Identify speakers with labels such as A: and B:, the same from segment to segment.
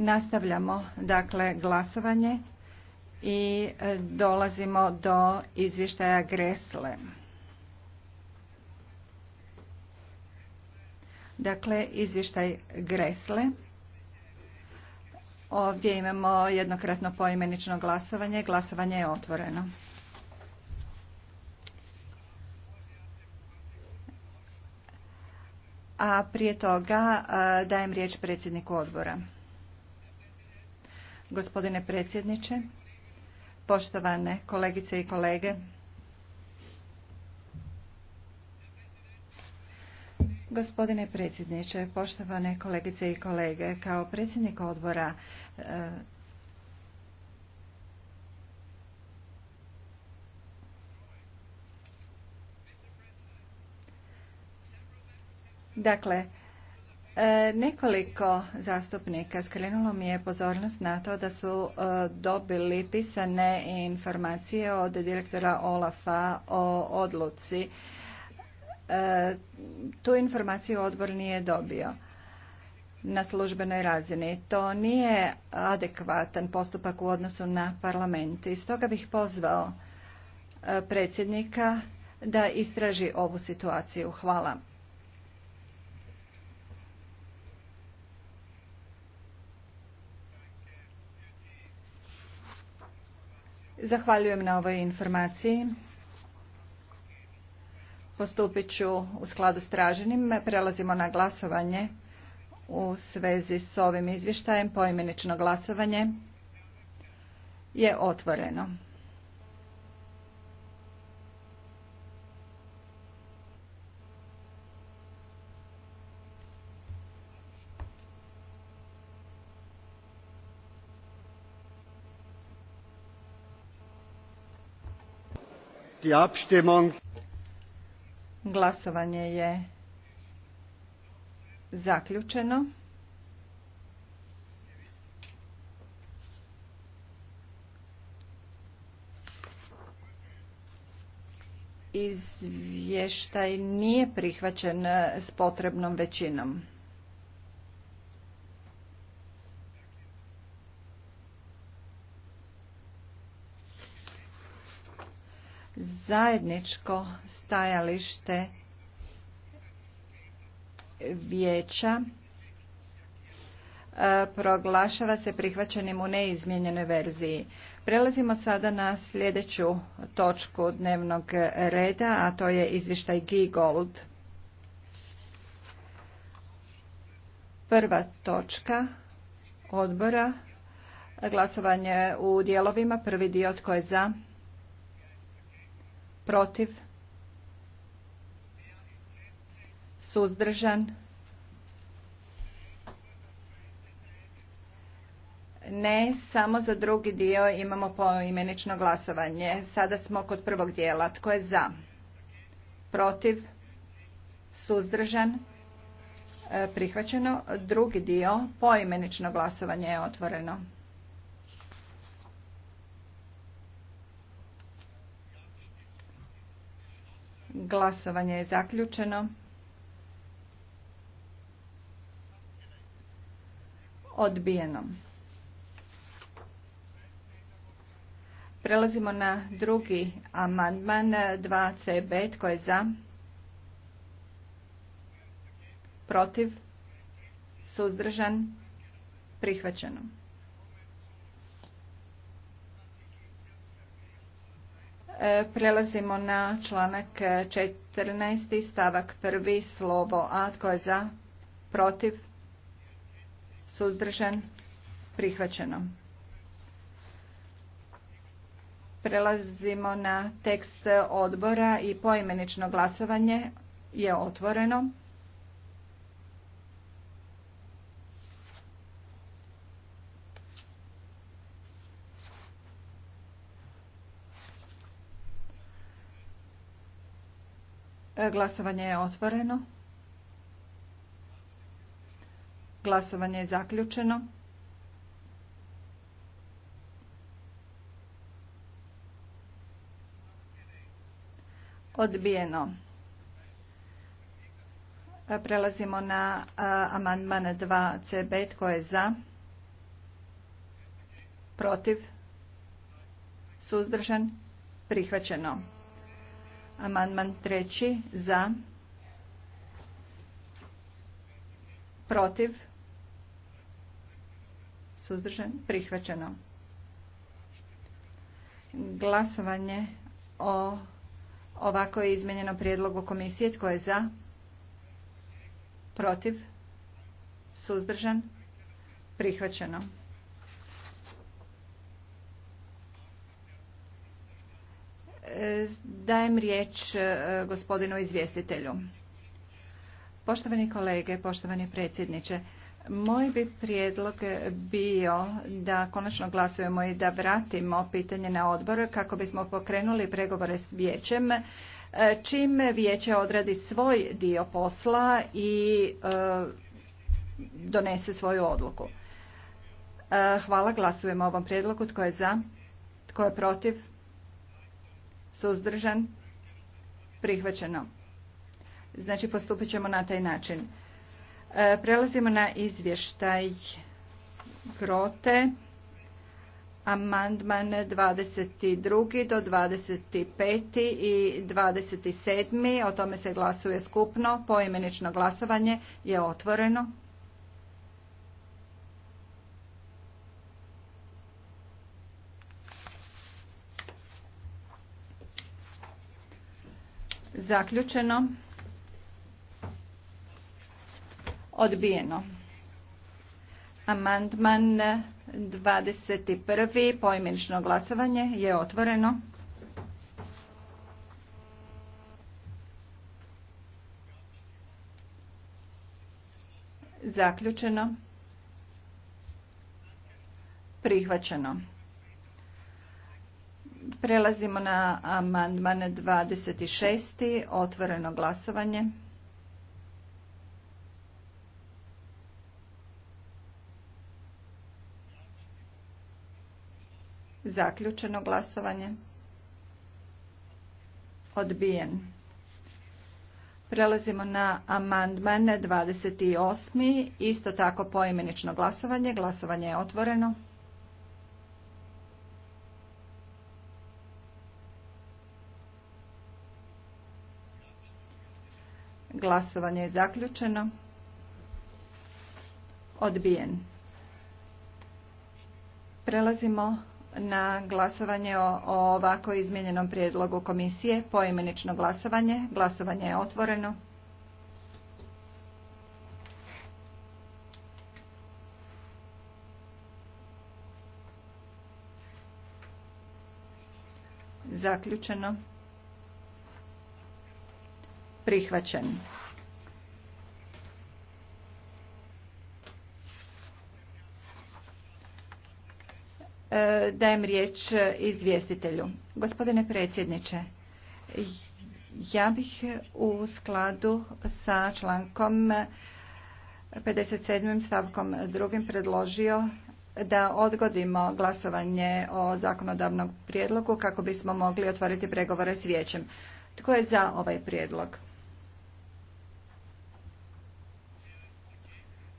A: Nastavljamo dakle glasovanje i e, dolazimo do izvještaja Gresle. Dakle, izvještaj Gresle. Ovdje imamo jednokratno poimenično glasovanje. Glasovanje je otvoreno. A prije toga e, dajem riječ predsjedniku odbora. Gospodine predsjedniče, poštovane kolegice i kolege, Gospodine predsjedniče, poštovane kolegice i kolege, kao predsjednik odbora e, Dakle, E, nekoliko zastupnika skrenulo mi je pozornost na to da su e, dobili pisane informacije od direktora Olafa o odluci. E, tu informaciju odbor nije dobio na službenoj razini. To nije adekvatan postupak u odnosu na parlament i stoga bih pozvao predsjednika da istraži ovu situaciju. Hvala. Zahvaljujem na ovoj informaciji. Postupit ću u skladu s traženim. Prelazimo na glasovanje u svezi s ovim izvještajem. Poimenično glasovanje je otvoreno. Glasovanje je zaključeno. Izvještaj nije prihvaćen s potrebnom većinom. zajedničko stajalište vijeća e, proglašava se prihvaćenim u neizmijenjenoj verziji. Prelazimo sada na sljedeću točku dnevnog reda, a to je izvještaj GIGOLD. Prva točka odbora, glasovanje u dijelovima, prvi dio tko je za, protiv, suzdržan, Ne, samo za drugi dio imamo poimenično glasovanje. Sada smo kod prvog dijela. Tko je za? Protiv? Suzdržan? E, prihvaćeno. Drugi dio, poimenično glasovanje je otvoreno. Glasovanje je zaključeno. Odbijeno. Prelazimo na drugi amandman 2CB. Tko je za? Protiv? Suzdržan? Prihvaćeno. E, prelazimo na članak 14. E, stavak 1. slovo A. Tko je za? Protiv? Suzdržan? Prihvaćeno. Prelazimo na tekst odbora i poimenično glasovanje je otvoreno. Glasovanje je otvoreno. Glasovanje je zaključeno. Odbijeno. Prelazimo na amandman 2CB. Tko je za? Protiv? Suzdržan? Prihvaćeno. Amandman treći za. Protiv. Suzdržan. Prihvaćeno. Glasovanje o ovako je izmenjenom prijedlogu komisije. Tko je za? Protiv? Suzdržan? Prihvaćeno. Dajem riječ e, gospodinu izvjestitelju. Poštovani kolege, poštovani predsjedniče, moj bi prijedlog bio da konačno glasujemo i da vratimo pitanje na odbor kako bismo pokrenuli pregovore s vijećem e, čim vijeće odradi svoj dio posla i e, donese svoju odluku. Hvala, glasujemo ovom prijedlogu. Tko je za? Tko je protiv? Suzdržan? Prihvaćeno. Znači postupit ćemo na taj način. E, prelazimo na izvještaj Grote. Amandman 22. do 25. i 27. O tome se glasuje skupno. Poimenično glasovanje je otvoreno. Zaključeno.
B: Odbijeno.
A: Amandman 21. poimenično glasovanje je otvoreno. Zaključeno. Prihvaćeno. Prelazimo na amandman 26. Otvoreno glasovanje. Zaključeno glasovanje. Odbijen. Prelazimo na amandman 28. Isto tako poimenično glasovanje. Glasovanje je otvoreno. Glasovanje je zaključeno. Odbijen. Prelazimo na glasovanje o ovako izmijenjenom prijedlogu komisije. Poimenično glasovanje. Glasovanje je otvoreno. Zaključeno prihvaćen. E, dajem riječ izvjestitelju. Gospodine predsjedniče, ja bih u skladu sa člankom 57. stavkom 2. predložio da odgodimo glasovanje o zakonodavnom prijedlogu kako bismo mogli otvoriti pregovore s vijećem. Tko je za ovaj prijedlog?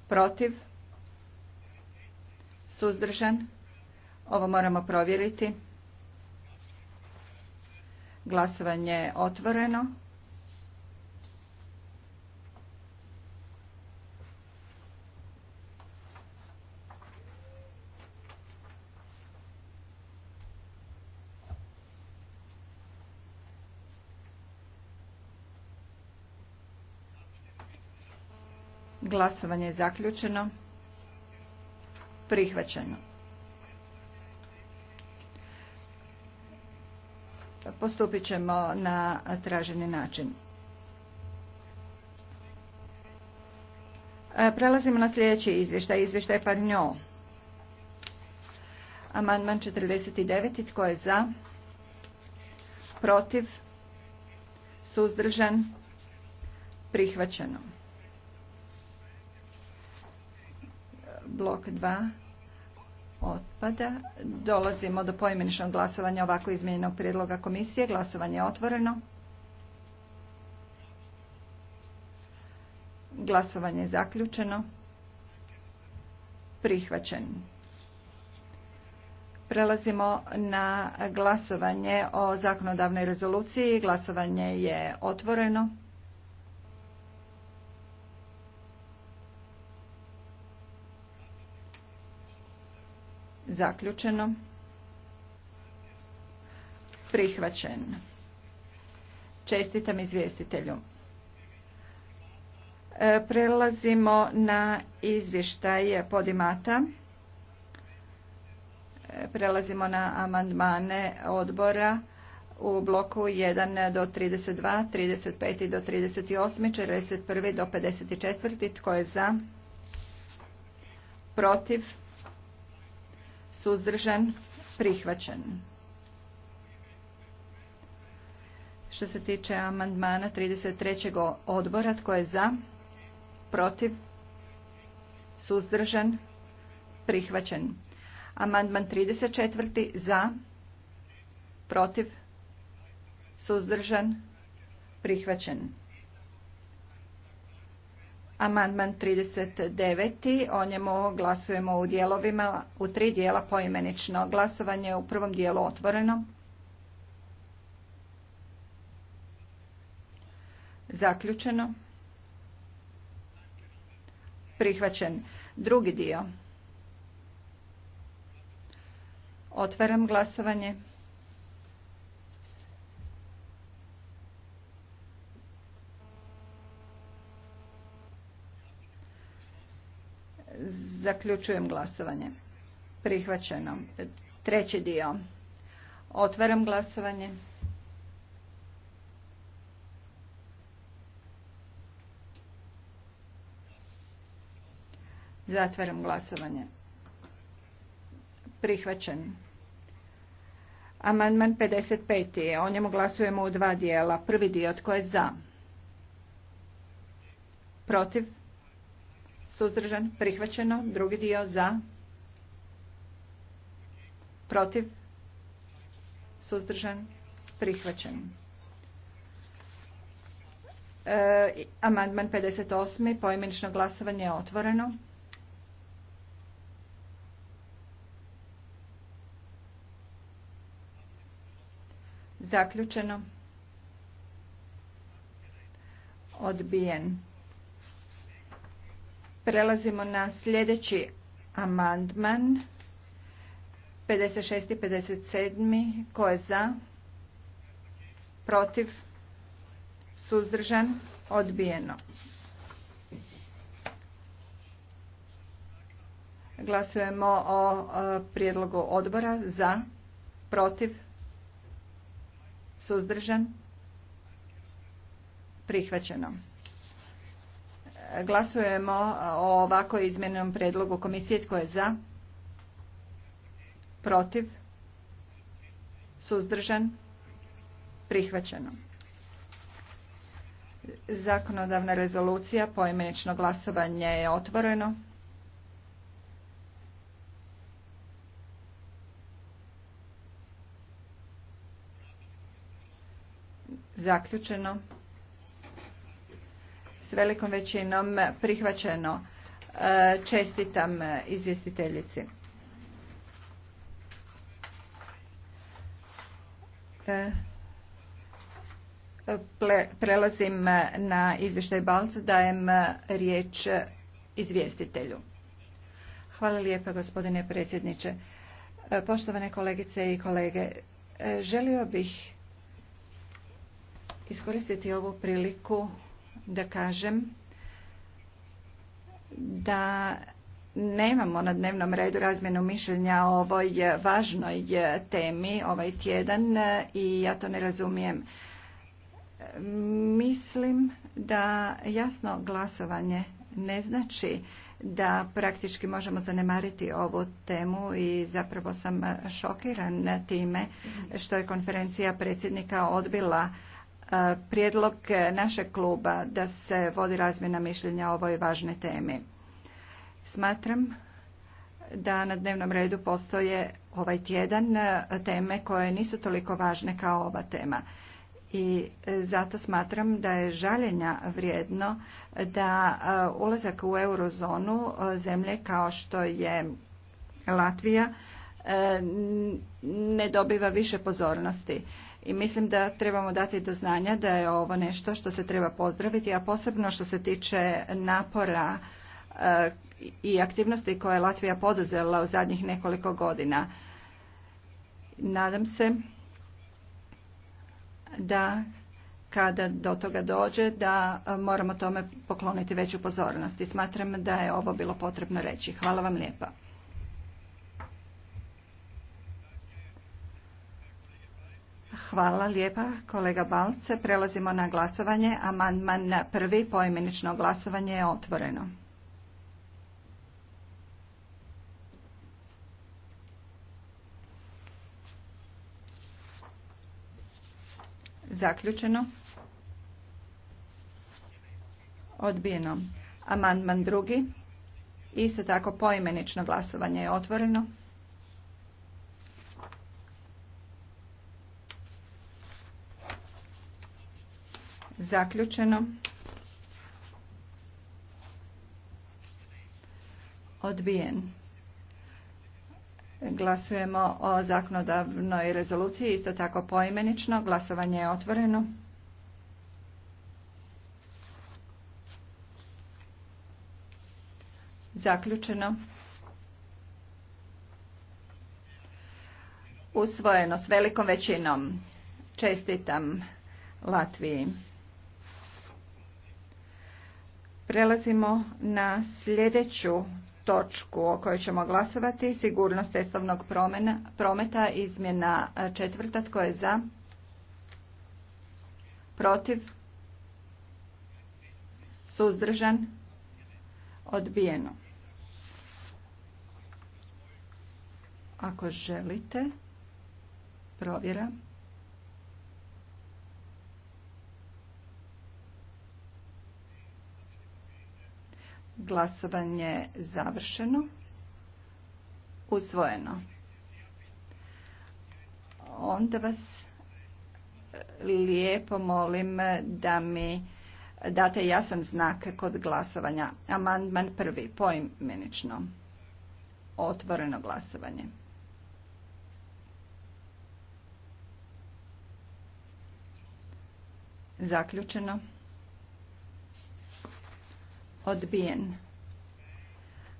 A: protiv, suzdržan, ovo moramo provjeriti. Glasovanje je otvoreno. Glasovanje je zaključeno. Prihvaćeno. Postupit ćemo na traženi način. E, prelazimo na sljedeći izvještaj. Izvještaj Parnjo. Amandman 49. Tko je za? Protiv? Suzdržan? Prihvaćeno. Blok 2 otpada. Dolazimo do pojmeničnog glasovanja ovako izmijenjenog prijedloga komisije. Glasovanje je otvoreno. Glasovanje je zaključeno. Prihvaćen. Prelazimo na glasovanje o zakonodavnoj rezoluciji. Glasovanje je otvoreno. Zaključeno. Prihvaćen. Čestitam izvjestitelju. E, prelazimo na izvještaj podimata. E, prelazimo na amandmane odbora u bloku 1 do 32, 35 do 38, 41 do 54. Tko je za? Protiv? suzdržan, prihvaćen. Što se tiče amandmana 33. odbora, tko je za, protiv, suzdržan, prihvaćen. Amandman 34. za, protiv, suzdržan, prihvaćen. Amandman 39. O njemu glasujemo u dijelovima u tri dijela poimenično. Glasovanje u prvom dijelu otvoreno. Zaključeno. Prihvaćen. Drugi dio. Otvaram glasovanje. Zaključujem glasovanje. Prihvaćeno. Treći dio. Otvaram glasovanje. Zatvaram glasovanje. Prihvaćen. Amandman 55. O njemu glasujemo u dva dijela. Prvi dio tko je za? Protiv? Suzdržan? Prihvaćeno. Drugi dio za? Protiv? Suzdržan? Prihvaćen. E, amandman 58. pojedinačno glasovanje je otvoreno. Zaključeno. Odbijen. Prelazimo na sljedeći amandman 56. i 57. Ko je za? Protiv? Suzdržan? Odbijeno. Glasujemo o prijedlogu odbora za, protiv, suzdržan, prihvaćeno. Glasujemo o ovako izmjenom predlogu komisije. Tko je za? Protiv? Suzdržan? Prihvaćeno. Zakonodavna rezolucija, poimenično glasovanje je otvoreno. Zaključeno s velikom većinom prihvaćeno. E, čestitam e, izvjestiteljici. E, prelazim na izvještaj Balca, dajem riječ izvjestitelju. Hvala lijepa gospodine predsjedniče. Poštovane kolegice i kolege, želio bih iskoristiti ovu priliku da kažem da nemamo na dnevnom redu razmjenu mišljenja o ovoj važnoj temi ovaj tjedan i ja to ne razumijem. Mislim da jasno glasovanje ne znači da praktički možemo zanemariti ovu temu i zapravo sam šokiran time što je konferencija predsjednika odbila E, prijedlog našeg kluba da se vodi razmjena mišljenja o ovoj važnoj temi. Smatram da na dnevnom redu postoje ovaj tjedan e, teme koje nisu toliko važne kao ova tema. I e, zato smatram da je žaljenja vrijedno da ulazak u eurozonu zemlje kao što je Latvija E, ne dobiva više pozornosti. I mislim da trebamo dati do znanja da je ovo nešto što se treba pozdraviti, a posebno što se tiče napora e, i aktivnosti koje je Latvija poduzela u zadnjih nekoliko godina. Nadam se da kada do toga dođe da moramo tome pokloniti veću pozornost i smatram da je ovo bilo potrebno reći. Hvala vam lijepa. Hvala lijepa kolega Balce. Prelazimo na glasovanje. Amandman prvi poimenično glasovanje je otvoreno. Zaključeno. Odbijeno. Amandman drugi. Isto tako poimenično glasovanje je otvoreno. Zaključeno. Odbijen. Glasujemo o zakonodavnoj rezoluciji, isto tako poimenično. Glasovanje je otvoreno. Zaključeno. Usvojeno s velikom većinom. Čestitam Latviji. Prelazimo na sljedeću točku o kojoj ćemo glasovati. Sigurnost cestovnog prometa, izmjena četvrta. Tko je za? Protiv? Suzdržan? Odbijeno. Ako želite, provjera. Glasovanje završeno. Usvojeno. Onda vas lijepo molim da mi date jasan znak kod glasovanja. Amandman prvi, poimenično. Otvoreno glasovanje. Zaključeno. Odbijen.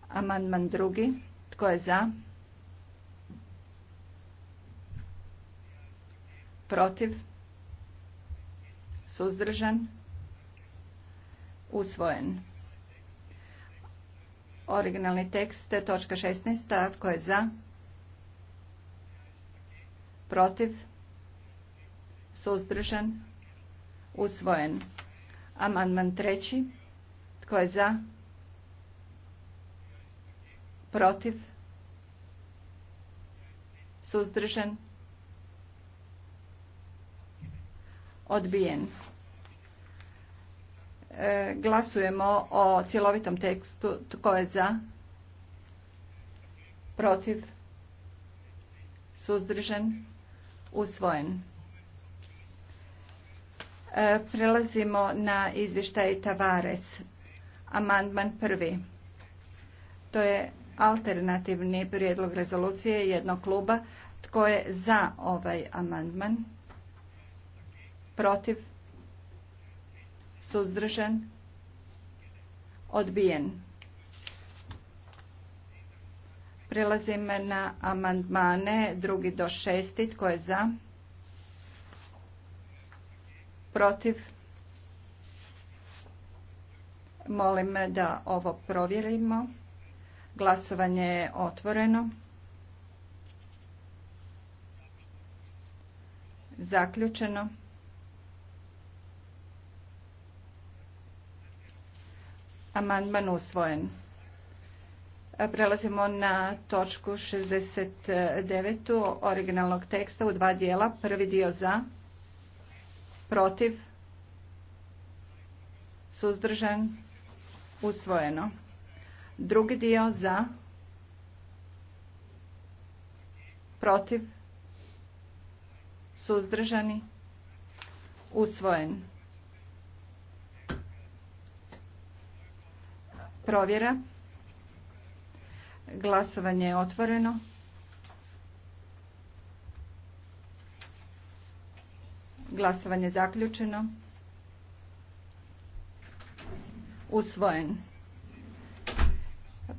A: Amandman drugi. Tko je za? Protiv? Suzdržan? Usvojen. Originalni tekst, točka 16. Tko je za? Protiv? Suzdržan? Usvojen. Amandman treći. Tko je za? Protiv? Suzdržan? Odbijen. E, glasujemo o cjelovitom tekstu. Tko je za? Protiv? Suzdržan? Usvojen. E, prelazimo na izvještaj Tavares. Amandman prvi. To je alternativni prijedlog rezolucije jednog kluba. Tko je za ovaj amandman? Protiv? Suzdržan? Odbijen. Prelazim na amandmane drugi do šesti. Tko je za? Protiv? Molim da ovo provjerimo. Glasovanje je otvoreno. Zaključeno. Amandman usvojen. Prelazimo na točku 69. originalnog teksta u dva dijela. Prvi dio za, protiv, suzdržan, usvojeno. Drugi dio za, protiv, suzdržani, usvojen. Provjera. Glasovanje je otvoreno. Glasovanje je zaključeno. usvojen.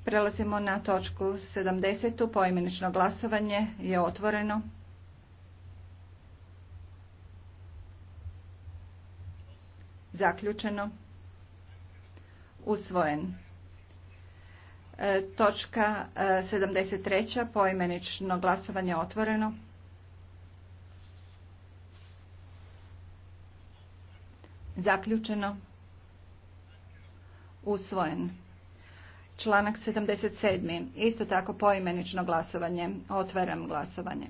A: Prelazimo na točku 70. Poimenično glasovanje je otvoreno. Zaključeno. Usvojen. E, točka 73. E, Poimenično glasovanje otvoreno. Zaključeno. Usvojen. Članak 77. Isto tako poimenično glasovanje. Otvaram glasovanje.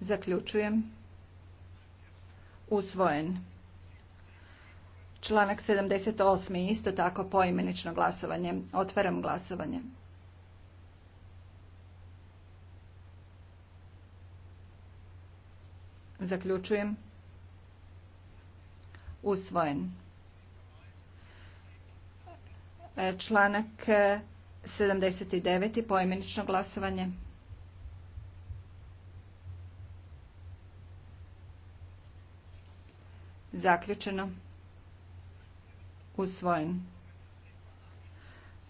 A: Zaključujem. Usvojen. Članak 78. Isto tako poimenično glasovanje. Otvaram glasovanje. Zaključujem. Usvojen. E, članak 79. E, poimenično glasovanje. Zaključeno. Usvojen.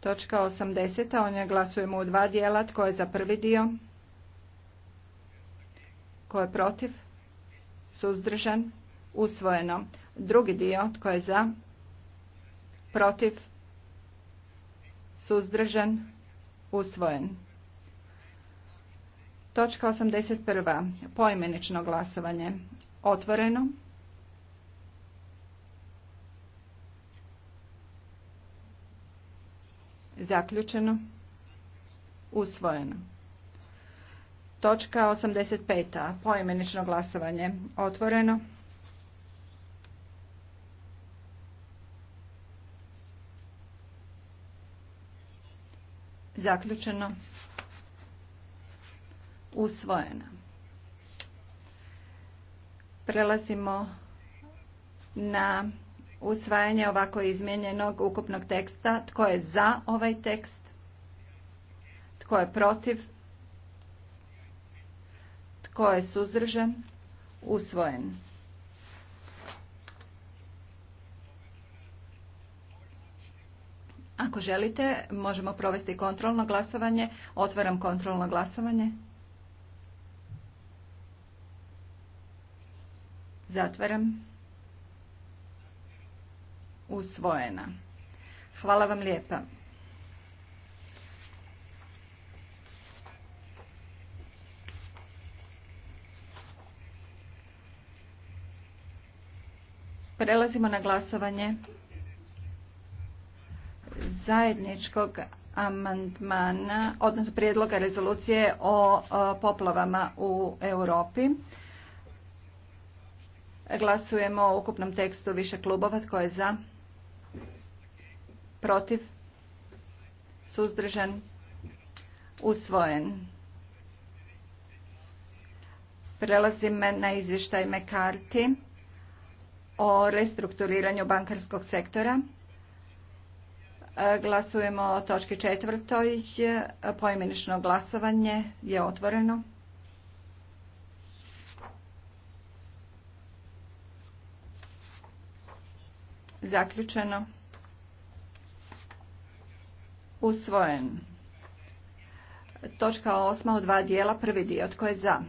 A: Točka 80. On njoj glasujemo u dva dijela. Tko je za prvi dio? Tko je protiv? suzdržan, usvojeno. Drugi dio, tko je za, protiv, suzdržan, usvojen. Točka 81. Poimenično glasovanje. Otvoreno. Zaključeno. Usvojeno. Točka 85. Poimenično glasovanje. Otvoreno. Zaključeno. Usvojeno. Prelazimo na usvajanje ovako izmijenjenog ukupnog teksta. Tko je za ovaj tekst? Tko je protiv? Tko je suzdržan? Usvojen. Ako želite, možemo provesti kontrolno glasovanje. Otvaram kontrolno glasovanje. Zatvaram. Usvojena. Hvala vam lijepa. Prelazimo na glasovanje zajedničkog amandmana, odnosno prijedloga rezolucije o poplavama u Europi. Glasujemo o ukupnom tekstu više klubova. Tko je za? Protiv? Suzdržan? Usvojen. Prelazim na izvještaj Mekarti o restrukturiranju bankarskog sektora. E, glasujemo o točki četvrtoj. Poimenično glasovanje je otvoreno. Zaključeno. Usvojen. Točka osma u dva dijela. Prvi dio. Tko je za?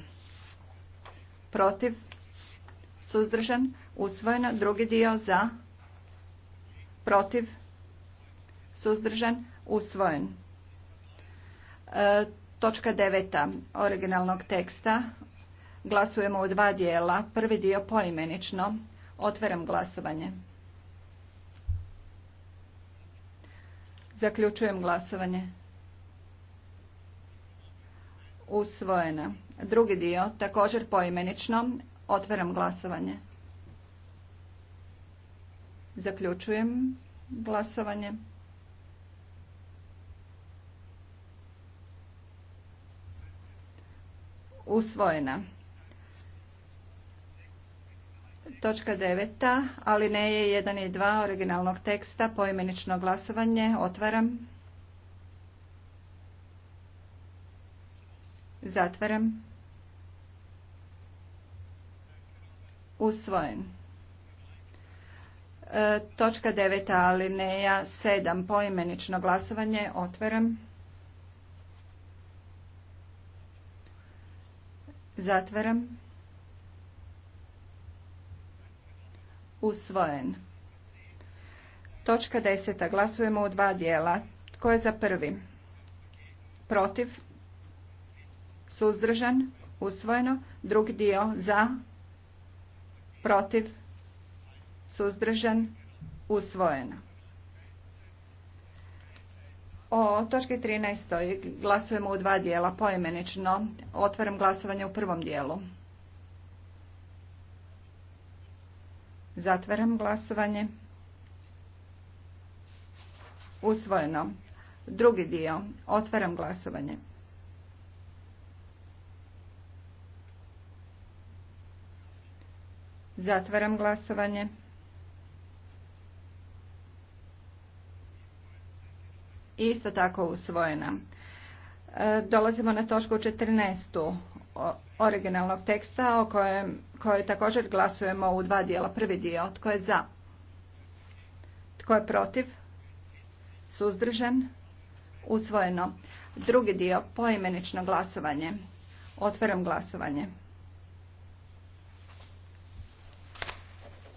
A: Protiv? Suzdržan? usvojeno. Drugi dio za, protiv, suzdržan, usvojen. E, točka deveta originalnog teksta. Glasujemo u dva dijela. Prvi dio poimenično. Otvaram glasovanje. Zaključujem glasovanje. Usvojena. Drugi dio, također poimenično. Otvaram glasovanje. Zaključujem glasovanje. Usvojena. Točka deveta, ali ne je jedan i dva originalnog teksta, poimenično glasovanje, otvaram. Zatvaram. Usvojen. E, točka 9. alineja sedam Poimenično glasovanje. Otvaram. Zatvaram. Usvojen. Točka 10. Glasujemo u dva dijela. Tko je za prvi? Protiv? Suzdržan? Usvojeno. Drugi dio za? Protiv? suzdržan, usvojeno. O točki 13. glasujemo u dva dijela poimenično. Otvaram glasovanje u prvom dijelu. Zatvaram glasovanje. Usvojeno. Drugi dio. Otvaram glasovanje. Zatvaram glasovanje. isto tako usvojena. E, dolazimo na točku 14. originalnog teksta o kojem koje također glasujemo u dva dijela. Prvi dio, tko je za? Tko je protiv? Suzdržan? Usvojeno. Drugi dio, poimenično glasovanje. Otvaram glasovanje.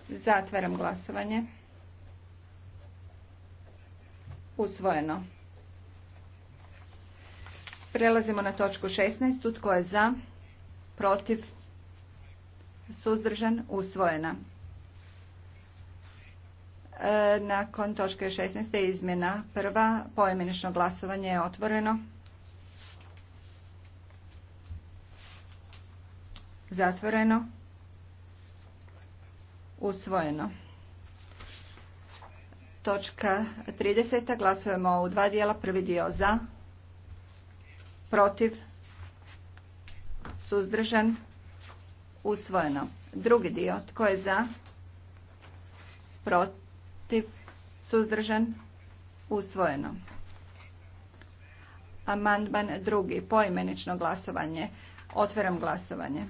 A: Zatvaram glasovanje. Usvojeno. Prelazimo na točku 16. Tko je za? Protiv? Suzdržan? Usvojena. E, nakon točke 16. izmjena prva, poimenično glasovanje je otvoreno. Zatvoreno. Usvojeno. Točka 30. Glasujemo u dva dijela. Prvi dio za, protiv, suzdržan, usvojeno. Drugi dio. Tko je za, protiv, suzdržan, usvojeno. Amandman drugi. Poimenično glasovanje. Otvaram glasovanje.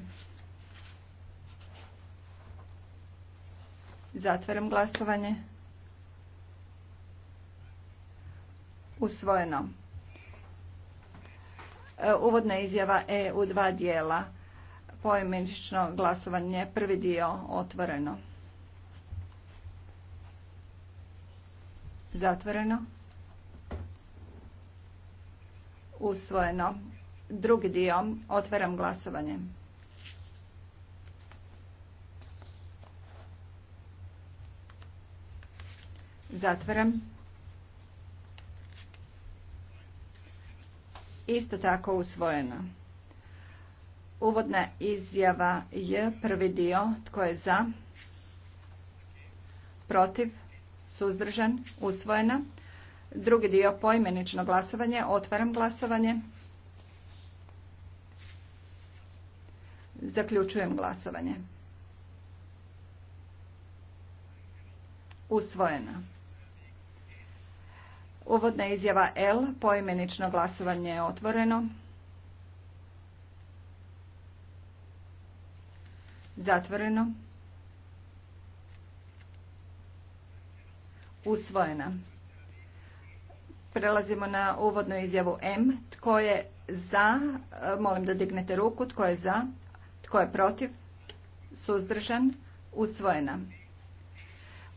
A: Zatvaram glasovanje. usvojeno. E, uvodna izjava E u dva dijela. Poimenično glasovanje, prvi dio otvoreno. Zatvoreno. Usvojeno. Drugi dio, otvaram glasovanje. Zatvaram. isto tako usvojena. Uvodna izjava je prvi dio tko je za, protiv, suzdržan, usvojena. Drugi dio poimenično glasovanje, otvaram glasovanje. Zaključujem glasovanje. Usvojena. Uvodna izjava L, poimenično glasovanje je otvoreno. Zatvoreno. Usvojena. Prelazimo na uvodnu izjavu M. Tko je za? Molim da dignete ruku. Tko je za? Tko je protiv? Suzdržan? Usvojena.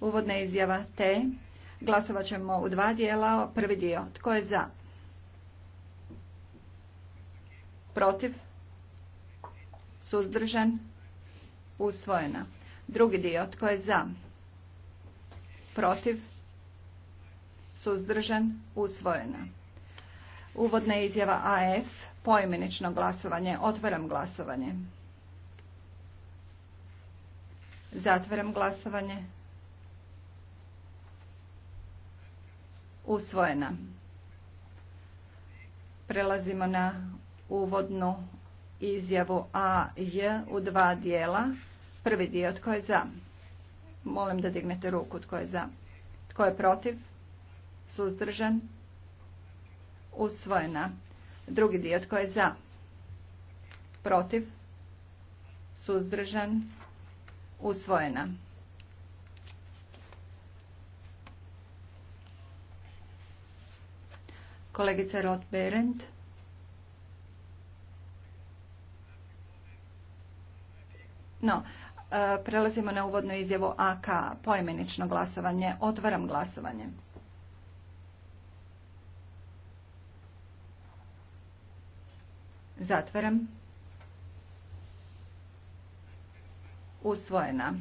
A: Uvodna izjava T. Glasovat ćemo u dva dijela. Prvi dio. Tko je za? Protiv? Suzdržan? Usvojena. Drugi dio. Tko je za? Protiv? Suzdržan? Usvojena. Uvodna izjava AF. Poimenično glasovanje. Otvaram glasovanje.
B: Zatvaram
A: glasovanje. usvojena. Prelazimo na uvodnu izjavu A J u dva dijela. Prvi dio tko je za? Molim da dignete ruku tko je za. Tko je protiv? Suzdržan? Usvojena. Drugi dio tko je za? Protiv? Suzdržan? Usvojena. Kolegice Roth berendt No, e, prelazimo na uvodnu izjavu AK, poimenično glasovanje. Otvaram glasovanje. Zatvaram. Usvojena.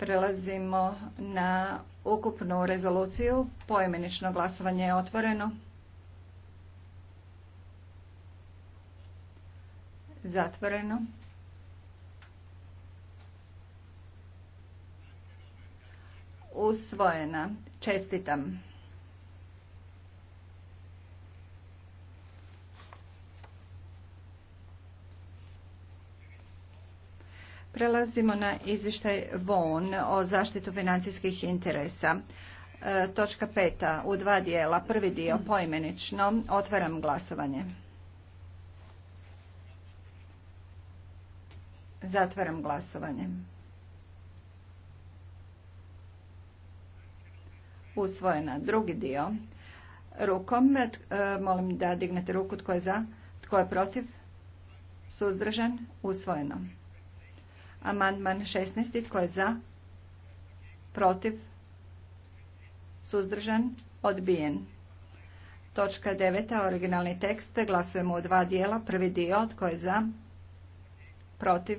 A: Prelazimo na ukupnu rezoluciju. Poimenično glasovanje je otvoreno. Zatvoreno. Usvojena. Čestitam. Prelazimo na izvještaj VON o zaštitu financijskih interesa. E, točka peta u dva dijela. Prvi dio poimenično. Otvaram glasovanje. Zatvaram glasovanje. Usvojena. Drugi dio. Rukom. E, molim da dignete ruku. Tko je za? Tko je protiv? Suzdržan? Usvojeno. Amandman 16. Tko je za? Protiv? Suzdržan? Odbijen. Točka 9. Originalni tekst. Glasujemo u dva dijela. Prvi dio. Tko je za? Protiv?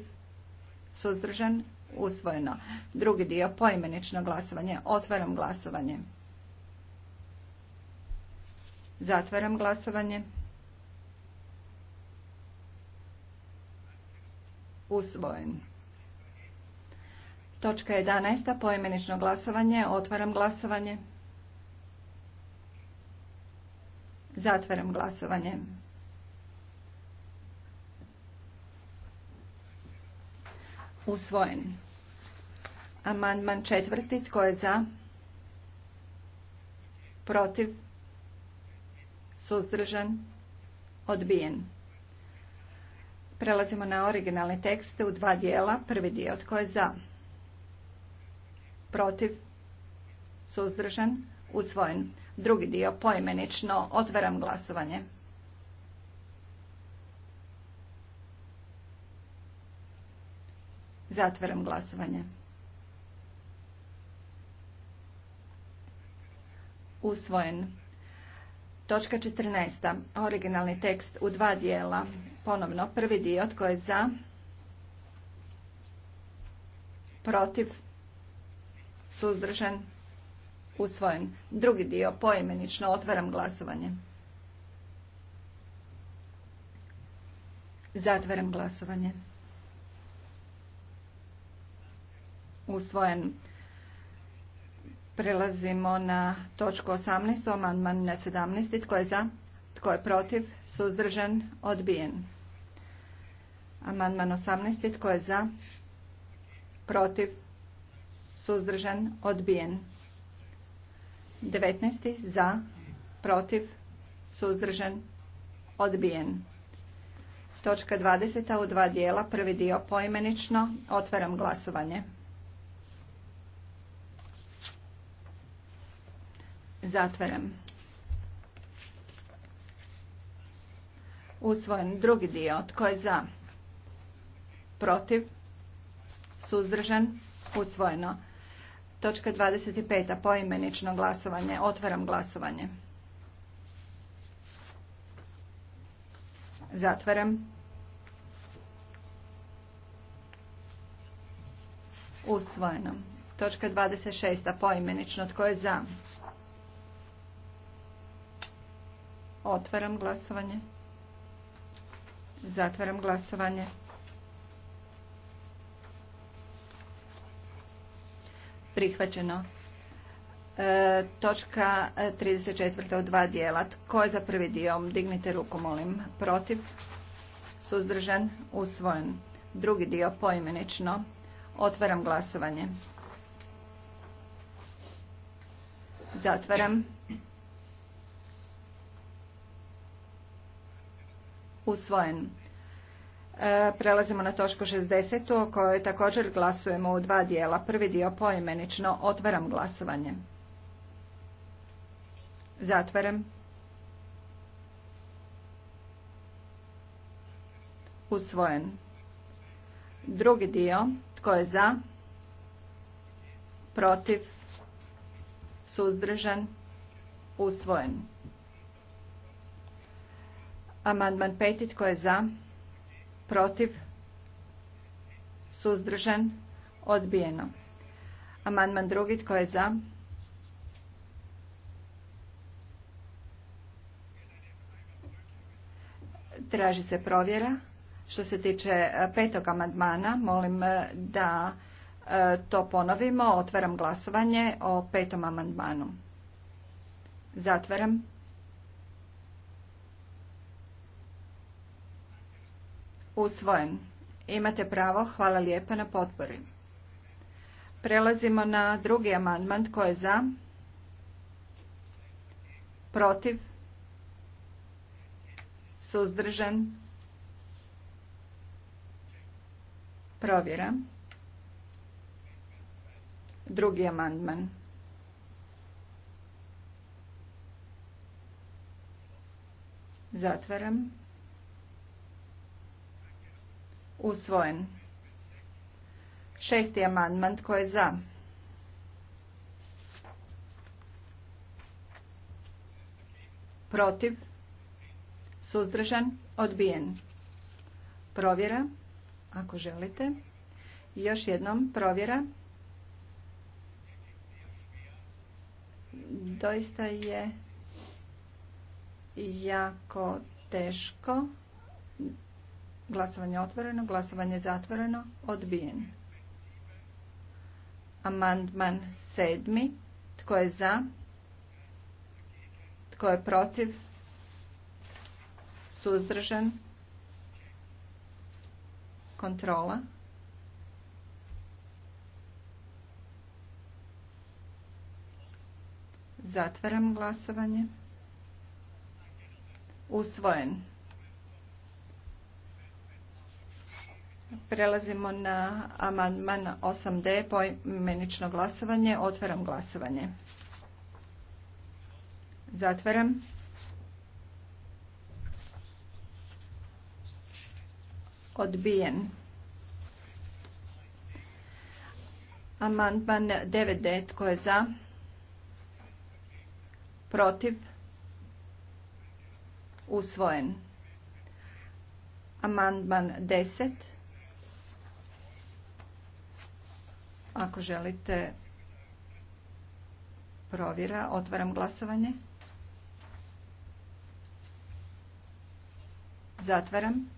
A: Suzdržan? Usvojeno. Drugi dio. Poimenično glasovanje. Otvaram glasovanje. Zatvaram glasovanje. Usvojen. Točka 11. Poimenično glasovanje. Otvaram glasovanje. Zatvaram glasovanje. Usvojen. Amandman četvrti. Tko je za? Protiv? Suzdržan? Odbijen. Prelazimo na originalne tekste u dva dijela. Prvi dio. Tko je za? protiv, suzdržan, usvojen. Drugi dio poimenično otvaram glasovanje. Zatvaram glasovanje. Usvojen. Točka 14. Originalni tekst u dva dijela. Ponovno prvi dio tko je za, protiv, suzdržan, usvojen. Drugi dio poimenično otvaram glasovanje. Zatvaram glasovanje. Usvojen. Prelazimo na točku 18. Amandman na 17. Tko je za? Tko je protiv? Suzdržan? Odbijen. Amandman 18. Tko je za? Protiv? suzdržan, odbijen. 19. za, protiv, suzdržan, odbijen. Točka 20. u dva dijela, prvi dio poimenično, otvaram glasovanje. Zatvaram. Usvojen drugi dio, tko je za, protiv, suzdržan, usvojeno. Točka 25. Poimenično glasovanje. Otvaram glasovanje. Zatvaram. Usvojeno. Točka 26. Poimenično. Tko je za? Otvaram glasovanje. Zatvaram glasovanje. prihvaćeno. E, točka 34. od dva dijela. Tko je za prvi dio? Dignite ruku, molim. Protiv? Suzdržan? Usvojen. Drugi dio poimenično. Otvaram glasovanje. Zatvaram. Usvojen. E, prelazimo na točku 60. o kojoj također glasujemo u dva dijela. Prvi dio poimenično. Otvaram glasovanje. Zatvaram. Usvojen. Drugi dio. Tko je za? Protiv? Suzdržan? Usvojen. Amandman peti. Tko je za? protiv, suzdržan, odbijeno. Amandman drugi, tko je za? Traži se provjera. Što se tiče e, petog amandmana, molim e, da e, to ponovimo. Otvaram glasovanje o petom amandmanu. Zatvaram. Usvojen. Imate pravo. Hvala lijepa na potpori. Prelazimo na drugi amandman. Tko je za? Protiv? Suzdržan? Provjera. Drugi amandman. Zatvaram. Usvojen. Šesti amandman. Tko je za? Protiv? Suzdržan? Odbijen. Provjera, ako želite. Još jednom provjera. Doista je jako teško Glasovanje otvoreno, glasovanje zatvoreno, odbijen. Amandman sedmi. Tko je za? Tko je protiv? Suzdržan? Kontrola? Zatvaram glasovanje. Usvojen. Prelazimo na amandman 8D, pojmenično glasovanje. Otvaram glasovanje. Zatvaram. Odbijen. Amandman 9D, tko je za? Protiv? Usvojen. Amandman 10. Ako želite provjera, otvaram glasovanje. Zatvaram.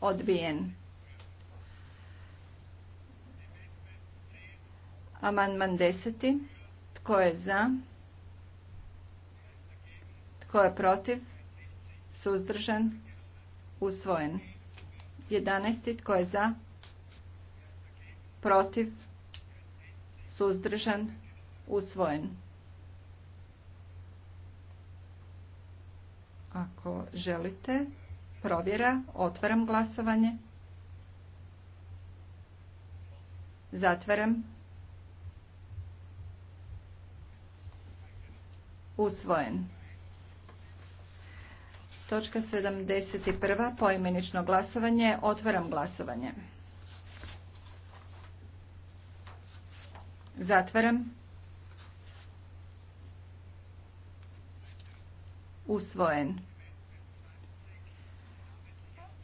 A: Odbijen. Amandman deseti. Tko je za? Tko je protiv? Suzdržan? Usvojen. 11. Tko je za? Protiv? Suzdržan? Usvojen. Ako želite, provjera. Otvaram glasovanje. Zatvaram. Usvojen. Točka 71. Poimenično glasovanje. Otvaram glasovanje. Zatvaram. Usvojen.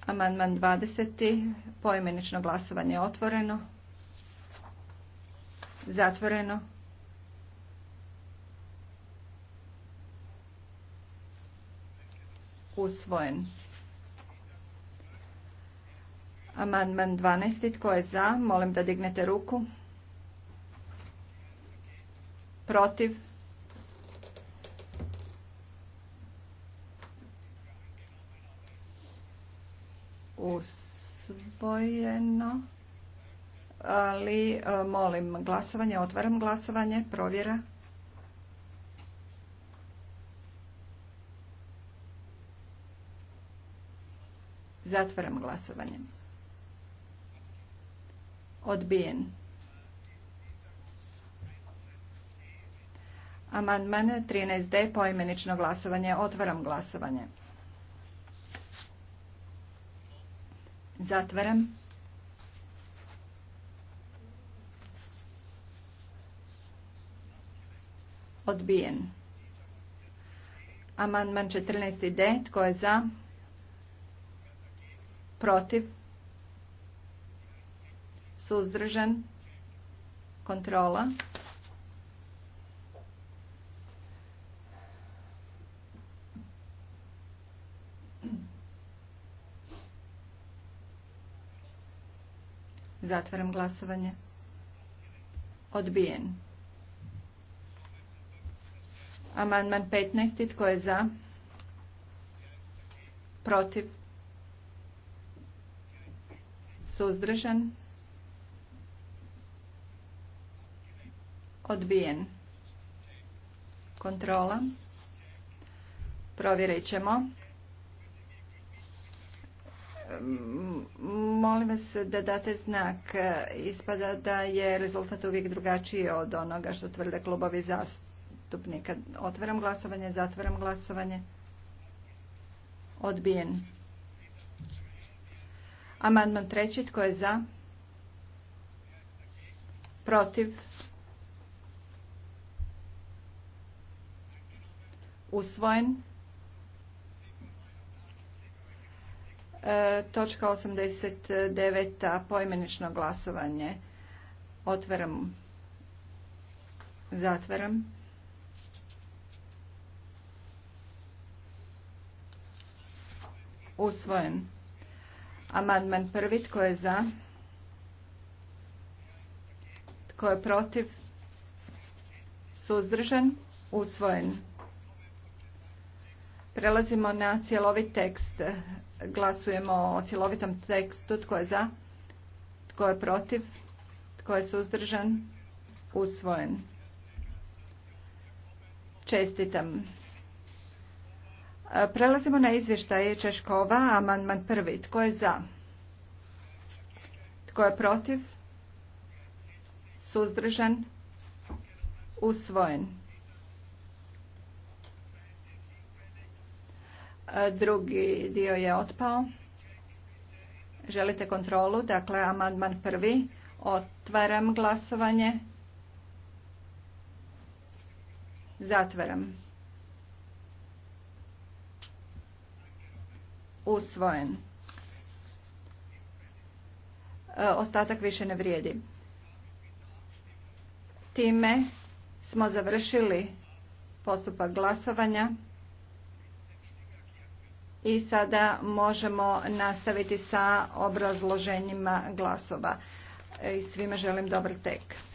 A: Amandman 20. Poimenično glasovanje otvoreno. Zatvoreno. usvojen. Amandman 12. Tko je za? Molim da dignete ruku. Protiv? Usvojeno. Ali e, molim glasovanje, otvaram glasovanje, provjera. Zatvaram glasovanje. Odbijen. Amandman 13D poimenično glasovanje. Otvaram glasovanje. Zatvaram. Odbijen. Amandman 14D. Tko je za? protiv, suzdržan, kontrola. Zatvaram glasovanje. Odbijen. Amandman 15. Tko je za? Protiv? Suzdržan? Odbijen. Kontrola. Provjerit ćemo. Molim vas da date znak. Ispada da je rezultat uvijek drugačiji od onoga što tvrde klubovi zastupnika. Otvaram glasovanje, zatvaram glasovanje. Odbijen. Amandman treći. Tko je za? Protiv? Usvojen. E, točka 89. Poimenično glasovanje. Otvaram. Zatvaram. Usvojen. Amandman prvi. Tko je za? Tko je protiv? Suzdržan? Usvojen. Prelazimo na cjelovit tekst. Glasujemo o cjelovitom tekstu. Tko je za? Tko je protiv? Tko je suzdržan? Usvojen. Čestitam. Prelazimo na izvještaje Češkova, amandman prvi. Tko je za? Tko je protiv? Suzdržan? Usvojen. E, drugi dio je otpao. Želite kontrolu? Dakle, amandman prvi. Otvaram glasovanje. Zatvaram. usvojen. E, ostatak više ne vrijedi. Time smo završili postupak glasovanja i sada možemo nastaviti sa obrazloženjima glasova. E, I svima želim dobar tek.